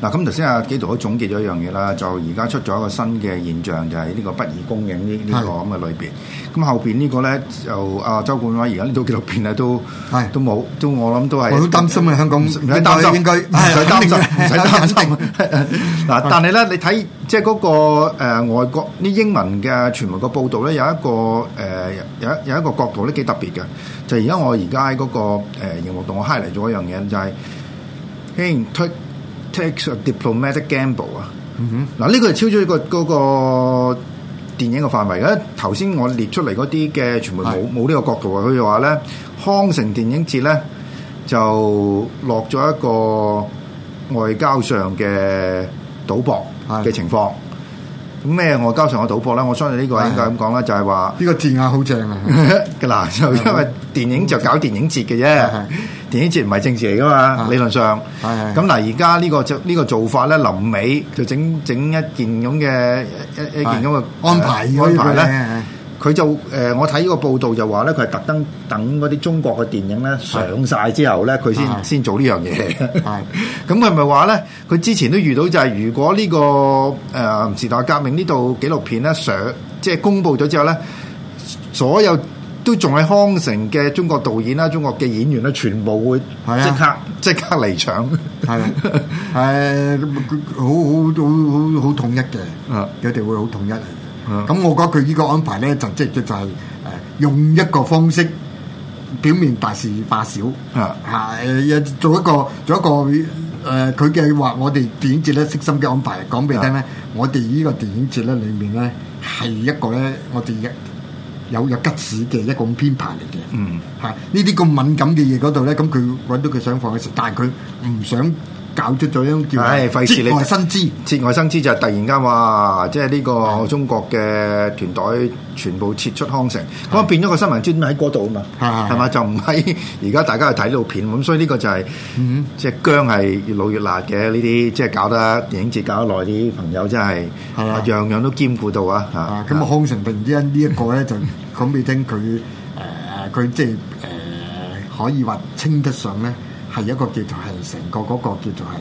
嗱咁頭先阿紀陶都總結咗一樣嘢啦，就而家出咗一個新嘅現象，就係呢個不宜公映呢呢個咁嘅裏邊。咁後邊呢個咧就阿周冠威而家呢度幾多變啊都係都冇，都我諗都係。我好擔心啊，香港唔使擔心，應該唔使擔心，唔使擔心。嗱，但係咧你睇即係嗰個外國啲英文嘅傳媒嘅報道咧，有一個誒有有一個角度咧幾特別嘅，就而家我而家喺嗰個誒熒幕度，我 highlight 咗一樣嘢就係，推。takes a diplomatic gamble 啊，嗯哼，嗱呢個係超出一個嗰個電影嘅範圍嘅，因為頭先我列出嚟嗰啲嘅全部冇冇呢個角度啊。佢話咧，康城電影節咧就落咗一個外交上嘅賭博嘅情況。咁咩？外交上嘅賭博啦，我相信呢個應該咁講啦，就係話呢個字眼好正嘅。嗱，就因為電影就搞電影節嘅啫，電影節唔係政治嚟噶嘛， 理論上。咁嗱，而家呢個做呢個做法咧，臨尾就整整一件咁嘅一一件咁嘅、 啊、安排。安排咧。 佢就誒，我睇呢個報道就話咧，佢係特登等嗰啲中國嘅電影咧上晒之後咧，佢先先做 係呢樣嘢。係，咁佢係咪話咧？佢之前都遇到就係，如果呢、呢個誒、呃、時代革命呢度紀錄片咧上，即係公佈咗之後咧，所有都仲喺康城嘅中國導演啦、中國嘅演員咧，全部會即刻即刻離場。係係，係好好好好好統一嘅。誒，有啲會好統一。咁、嗯、我覺得佢呢個安排咧，就即、是、係就係、是、誒、呃、用一個方式表面大事化小，係、嗯呃、做一個做一個誒佢計劃，我哋電影節咧悉心嘅安排講俾你聽咧，嗯、我哋呢個電影節咧裏面咧係一個咧我哋嘅有有，有吉事嘅一個編排嚟嘅，嚇呢啲咁敏感嘅嘢嗰度咧，咁佢揾到佢想放嘅時候，但係佢唔想。搞出咗呢種叫事你外生枝，節 外生枝就係突然間話，即係呢個中國嘅團隊全部撤出康城，咁啊是變咗個新聞專喺嗰度啊嘛，係嘛，就唔喺而家大家去睇到片，咁所以呢個就係、是，嗯嗯即係薑係越老越辣嘅呢啲，即係搞得電影節搞得耐啲朋友真係，係啊樣樣都兼顧到啊，咁啊康城突然之間呢一個咧就，咁你聽佢誒佢即係誒可以話稱得上咧。係一個叫做係成個嗰個叫做係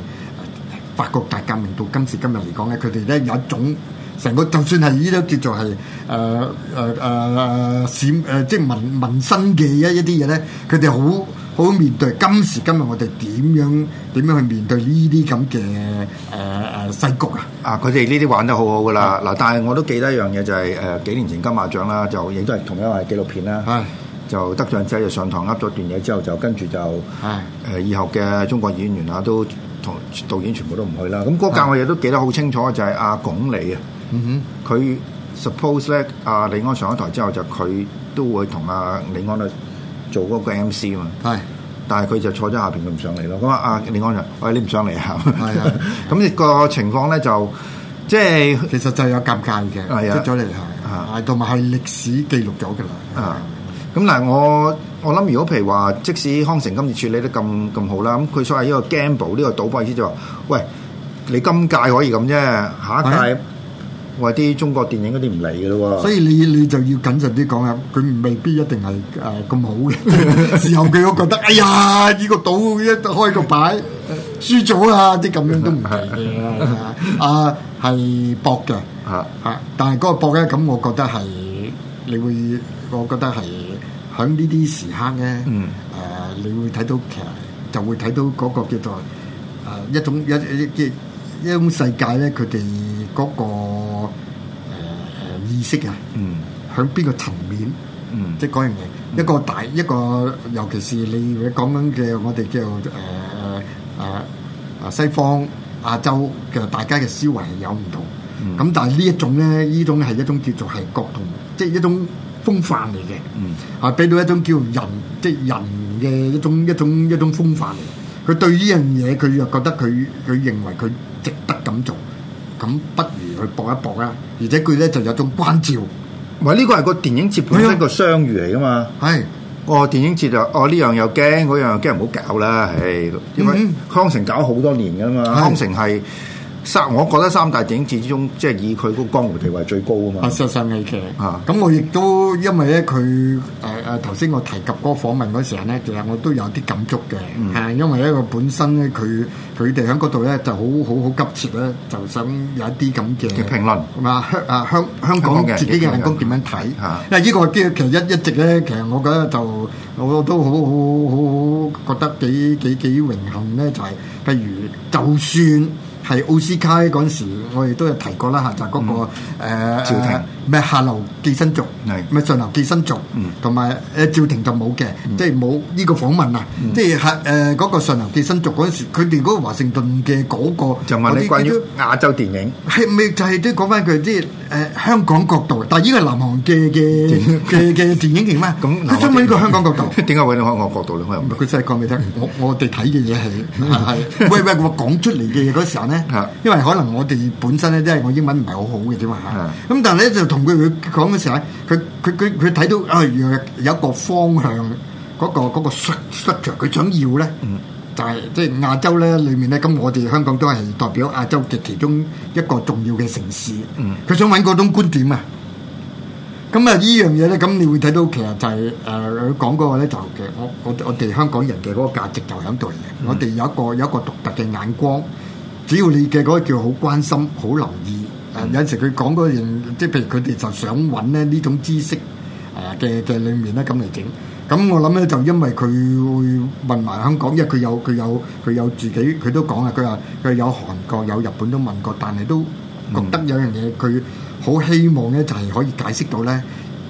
法國大革命到今時今日嚟講咧，佢哋咧有一種成個就算係呢啲叫做係誒誒誒誒閃誒即係民民生嘅一一啲嘢咧，佢哋好好面對今時今日我哋點樣點樣去面對呢啲咁嘅誒誒世局啊！啊，佢哋呢啲玩得好好噶啦嗱，的但係我都記得一樣嘢就係、係、誒幾年前金馬獎啦，就影都係同一個紀錄片啦嚇。就得獎仔就上台，噏咗段嘢之後，就跟住就誒以後嘅中國演員啊，都同導演全部都唔去啦。咁嗰間我亦都記得好清楚，就係阿鞏俐啊，佢 suppose 咧，阿李安上咗台之後，就佢都會同阿李安啊做嗰個 MC 嘛。係，但係佢就坐咗下邊，佢唔上嚟咯。咁啊，阿李安就，喂，你唔上嚟啊？咁呢個情況咧，就即係其實就有尷尬嘅，出咗嚟係，同埋係歷史記錄咗㗎啦。咁嗱，我我諗，如果譬如話，即使康城今次處理得咁咁好啦，咁佢所謂呢個 gamble 呢個賭博意思就話，喂，你今屆可以咁啫，下一屆，喂啲中國電影嗰啲唔嚟嘅咯喎。所以你你就要謹慎啲講啊，佢未必一定係誒咁好嘅。事後佢都覺得，哎呀，呢個賭一開個擺，輸咗啊！啲咁樣都唔係嘅，係嘛？啊，係搏嘅，嚇嚇，但係嗰個搏咧，咁我覺得係，你會，我覺得係。喺呢啲時刻咧，誒、嗯呃，你會睇到其實就會睇到嗰個叫做誒、呃、一種一一即一,一種世界咧，佢哋嗰個誒、呃、意識啊，喺邊、嗯、個層面，嗯、即係嗰樣嘢。嗯、一個大一個，尤其是你講緊嘅，我哋叫誒誒誒西方、亞洲嘅大家嘅思維係有唔同。咁、嗯嗯、但係呢一種咧，呢種係一種叫做係角度，即係一種。風範嚟嘅，啊，俾到一種叫人即人嘅一種一種一種風範嚟。佢對呢樣嘢，佢又覺得佢佢認為佢值得咁做，咁不如去搏一搏啦。而且佢咧就有種關照。喂呢個係個電影節本身個相遇嚟噶嘛？係，我電影節就哦呢樣又驚，嗰樣又驚，唔好搞啦。係，因為康城搞咗好多年噶嘛。康城係，三，我覺得三大電影節之中，即係以佢嗰江湖地位最高啊嘛。實實藝劇啊，咁我亦都因為咧佢誒誒頭先我提及嗰個訪問嗰陣咧，其實我都有啲感觸嘅，係因為咧我本身咧佢佢哋喺嗰度咧就好好好急切咧，就想有一啲咁嘅評論，係嘛，香啊香香港自己嘅眼光點樣睇？啊，因為依個嘅其實一一直咧，其實我覺得就我都好好好好覺得幾幾幾榮幸咧，就係譬如就算。係奧斯卡嗰陣時，我亦都有提過啦，嚇，就、那、嗰個誒趙婷。嗯呃咩下流寄生族，咩上流寄生族，同埋誒趙婷就冇嘅，即係冇呢個訪問啊！即係誒嗰個上流寄生族嗰時，佢哋嗰個華盛頓嘅嗰個，就問你關於亞洲電影，係咪就係都講翻佢啲誒香港角度？但係呢個南韓嘅嘅嘅嘅電影叫咩？咁，我問呢個香港角度，點解會講香港角度咧？我又唔係，佢真係講俾你聽，我我哋睇嘅嘢係，喂喂，我講出嚟嘅嘢嗰時候咧，因為可能我哋本身咧都係我英文唔係好好嘅啫嘛嚇，咁但係咧就同。佢佢講嘅時候咧，佢佢佢佢睇到啊，有有一個方向，嗰個嗰個趨趨向，佢想要咧，就係即係亞洲咧裏面咧，咁我哋香港都係代表亞洲嘅其中一個重要嘅城市。佢想揾嗰種觀點啊，咁啊呢樣嘢咧，咁你會睇到其實就係誒佢講嗰個咧，就係我我我哋香港人嘅嗰個價值就喺度嘅，我哋有一個有一個獨特嘅眼光，只要你嘅嗰個叫好關心，好留意。誒有陣時佢講嗰樣，即係譬如佢哋就想揾咧呢種知識誒嘅嘅裡面咧咁嚟整。咁我諗咧就因為佢會問埋香港，因為佢有佢有佢有自己，佢都講啊，佢話佢有韓國有日本都問過，但係都覺得有樣嘢佢好希望咧，就係可以解釋到咧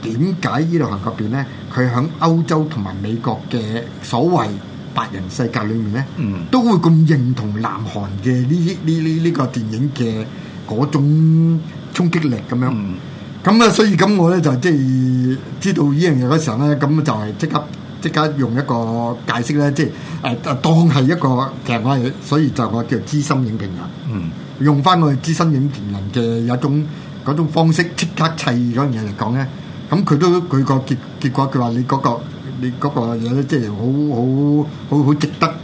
點解呢度韓國邊咧，佢喺歐洲同埋美國嘅所謂白人世界裏面咧，都會咁認同南韓嘅呢啲呢呢呢個電影嘅。嗰種衝擊力咁樣，咁啊、嗯，所以咁我咧就即、是、係知道呢樣嘢嗰時候咧，咁就係、是、即刻即刻用一個解釋咧，即係誒當係一個其實我哋，所以就我叫資深影評人，嗯、用翻我哋資深影評人嘅一種嗰種方式，即刻砌嗰樣嘢嚟講咧，咁佢都舉個結結果，佢話你嗰、那個你嗰個嘢咧，即係好好好好值得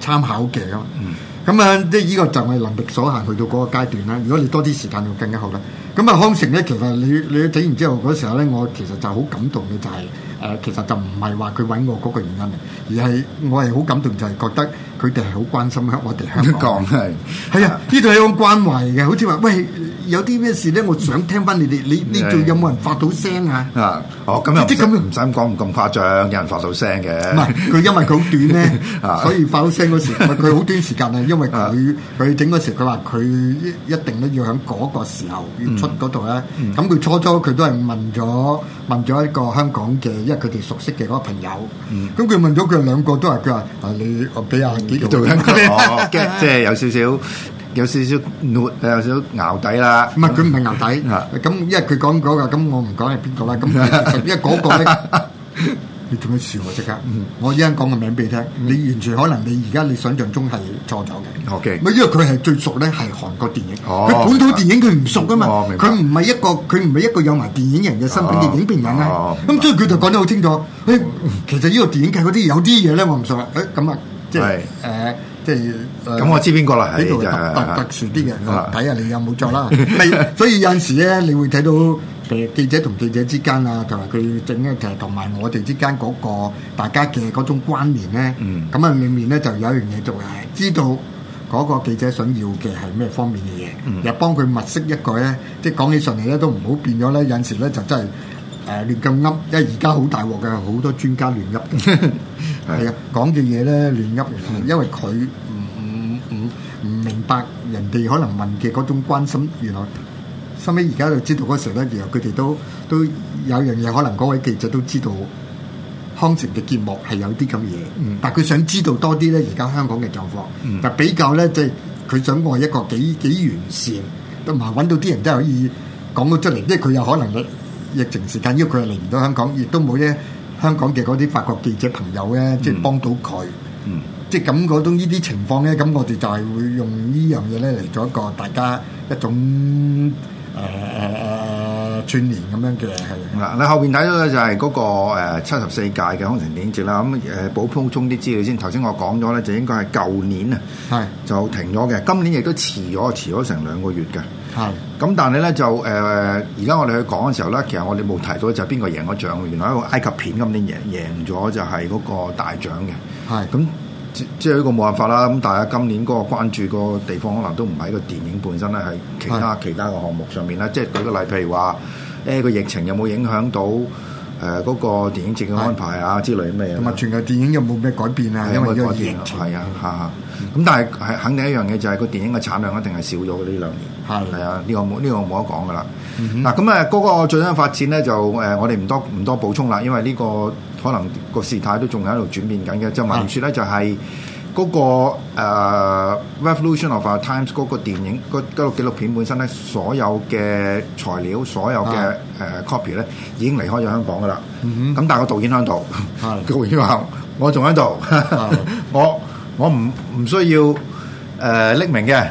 參考嘅咁。嗯咁啊，即係呢個就係能力所限去到嗰個階段啦。如果你多啲時間，就更加好啦。咁啊，康城咧，其實你你整完之後嗰時候咧，我其實就好感動嘅、就是，就係誒，其實就唔係話佢揾我嗰個原因嚟，而係我係好感動，就係覺得。佢哋係好關心香，我哋香港係係啊，呢度有關懷嘅，好似話喂，有啲咩事咧？我想聽翻你哋，你呢度有冇人發到聲啊？啊，好咁又唔使咁講，唔咁誇張，有人發到聲嘅。唔係佢因為佢好短咧，啊，所以發到聲嗰時，佢好短時間啊。因為佢佢整嗰時，佢話佢一定都要喺嗰個時候要出嗰度咧。咁佢初初佢都係問咗問咗一個香港嘅，因為佢哋熟悉嘅嗰個朋友。咁佢問咗佢兩個都話，佢話誒你我畀。做緊即係有少少有少少 n 有少淆底啦，唔係佢唔係淆底。咁因為佢講嗰個，咁我唔講係邊個啦。咁因為嗰個咧，你做咩笑我即刻？我依家講個名俾你聽。你完全可能你而家你想象中係錯咗嘅。因為佢係最熟咧，係韓國電影。佢本土電影佢唔熟噶嘛。佢唔係一個，佢唔係一個有埋電影人嘅身份嘅影評人啦。咁所以佢就講得好清楚，其實呢個電影界嗰啲有啲嘢咧，我唔熟啦。咁啊。即係誒，即係咁我知邊個啦？呢度特特殊啲嘅，睇下你有冇做啦。所以有陣時咧，你會睇到誒記者同記者之間啊，同埋佢整咧，其實同埋我哋之間嗰個大家嘅嗰種關聯咧。咁啊，裡面咧就有一樣嘢做係知道嗰個記者想要嘅係咩方面嘅嘢，又幫佢物色一個咧。即係講起上嚟咧，都唔好變咗咧。有陣時咧，就真係誒亂咁噏，因為而家好大鑊嘅，好多專家亂噏。係啊，講嘅嘢咧亂噏，因為佢唔唔唔唔明白人哋可能問嘅嗰種關心，原來收尾而家就知道嗰時咧，原來佢哋都都有樣嘢，可能嗰位記者都知道康城嘅節目係有啲咁嘢，嗯、但係佢想知道多啲咧，而家香港嘅狀況，嗯、但比較咧即係佢想過一個幾幾完善，都唔係揾到啲人都可以講到出嚟，即係佢有可能疫情時間，因為佢嚟唔到香港，亦都冇咧。香港嘅嗰啲法國記者朋友咧，即係、嗯、幫到佢，嗯、即係咁嗰種呢啲情況咧，咁我哋就係會用呢樣嘢咧嚟做一個大家一種誒誒誒串連咁樣嘅係。嗱，你後邊睇到咧就係嗰個七十四屆嘅康城電影節啦，咁誒補補充啲資料先。頭先我講咗咧就應該係舊年啊，係就停咗嘅，是今年亦都遲咗，遲咗成兩個月嘅。咁但係咧就誒，而、呃、家我哋去講嘅時候咧，其實我哋冇提到就係邊個贏咗獎，原來一個埃及片今年贏贏咗就係嗰個大獎嘅。係是的，咁即係呢個冇辦法啦。咁但係今年嗰個關注個地方可能都唔係喺個電影本身咧，係其他是的 其他嘅項目上面咧。即係舉個例，譬如話誒個疫情有冇影響到誒嗰、呃那個電影節嘅安排啊之類咩？嘅同埋全球電影有冇咩改變啊？因為電影係啊，嚇嚇。咁、嗯、但係係肯定一樣嘢、就是，就係個電影嘅產量一定係少咗呢兩年。係係啊！呢個冇呢個冇得講㗎啦。嗱咁啊，嗰個最新發展咧就誒，我哋唔多唔多補充啦，因為呢個可能個事態都仲喺度轉變緊嘅。即係話說咧，就係嗰個誒 Revolution of Our Times 嗰個電影，嗰嗰個紀錄片本身咧，所有嘅材料，所有嘅誒 copy 咧，已經離開咗香港㗎啦。咁但係個導演喺度，導演話：我仲喺度，我我唔唔需要誒匿名嘅。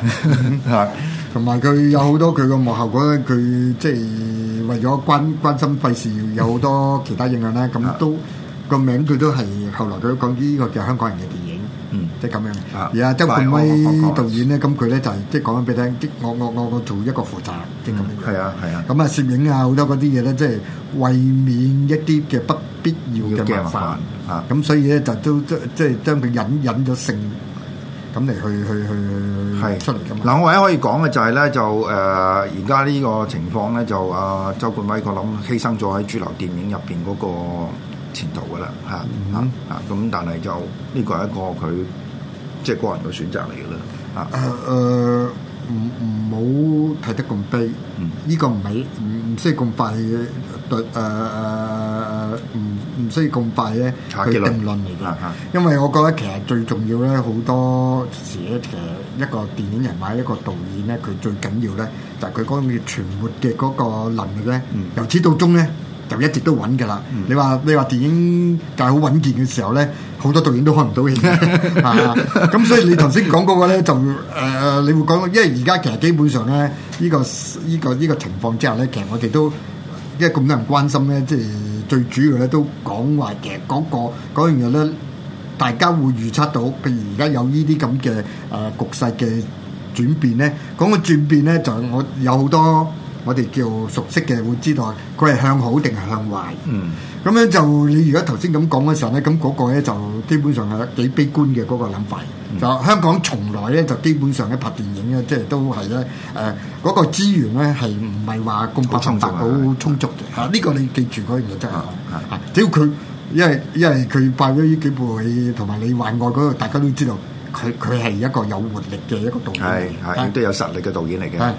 同埋佢有好多佢個幕後嗰啲，佢即係為咗關關心費事，有好多其他影響啦。咁都個名佢都係後來佢都講呢個叫香港人嘅電影，即係咁樣。而阿周冠威導演咧，咁佢咧就係即係講緊俾你聽，我我我我做一個負責，即係咁樣。係啊係啊。咁啊，攝影啊，好多嗰啲嘢咧，即係為免一啲嘅不必要嘅麻煩啊。咁所以咧，就都即即係將佢引引咗成。咁嚟去去去係出嚟咁。嗱，我唯一可以講嘅就係咧，就誒而家呢個情況咧，就阿、呃、周冠威個諗犧牲咗喺主流電影入邊嗰個前途噶啦，嚇。啊，咁、嗯哼啊、但係就呢個係一個佢即係個人嘅選擇嚟嘅啦。誒、啊呃呃，唔唔好睇得咁悲嗯、呃呃呃。嗯。呢個唔係，唔唔需要咁快對誒誒。唔需要咁快咧佢嘅定論嚟㗎，因為我覺得其實最重要咧，好多時咧，其實一個電影人或者一個導演咧，佢最緊要咧，就係佢嗰種存活嘅嗰個能力咧，嗯、由始到終咧就一直都穩㗎啦、嗯。你話你話電影界好穩健嘅時候咧，好多導演都開唔到戲咁、 啊、所以你頭先講嗰個咧，就誒、呃、你會講，因為而家其實基本上咧，呢、呢個、呢個、呢個呢個情況之下咧，其實我哋都因為咁多人關心咧，即係。最主要咧都講話嘅，嗰個嗰樣嘢咧，大家會預測到，譬如而家有呢啲咁嘅誒局勢嘅轉變咧，嗰個轉變咧就係我有好多。我哋叫熟悉嘅會知道佢係向好定係向壞。嗯，咁樣就你如果頭先咁講嘅時候咧，咁嗰個咧就基本上係幾悲觀嘅嗰個諗法。就香港從來咧就基本上一拍電影咧，即係都係咧誒嗰個資源咧係唔係話供充足啊？好充足嘅嚇，呢個你記住嗰樣嘢真係。只要佢，因為因為佢拍咗呢幾部戲，同埋你環外嗰個大家都知道，佢佢係一個有活力嘅一個導演，係係都有實力嘅導演嚟嘅。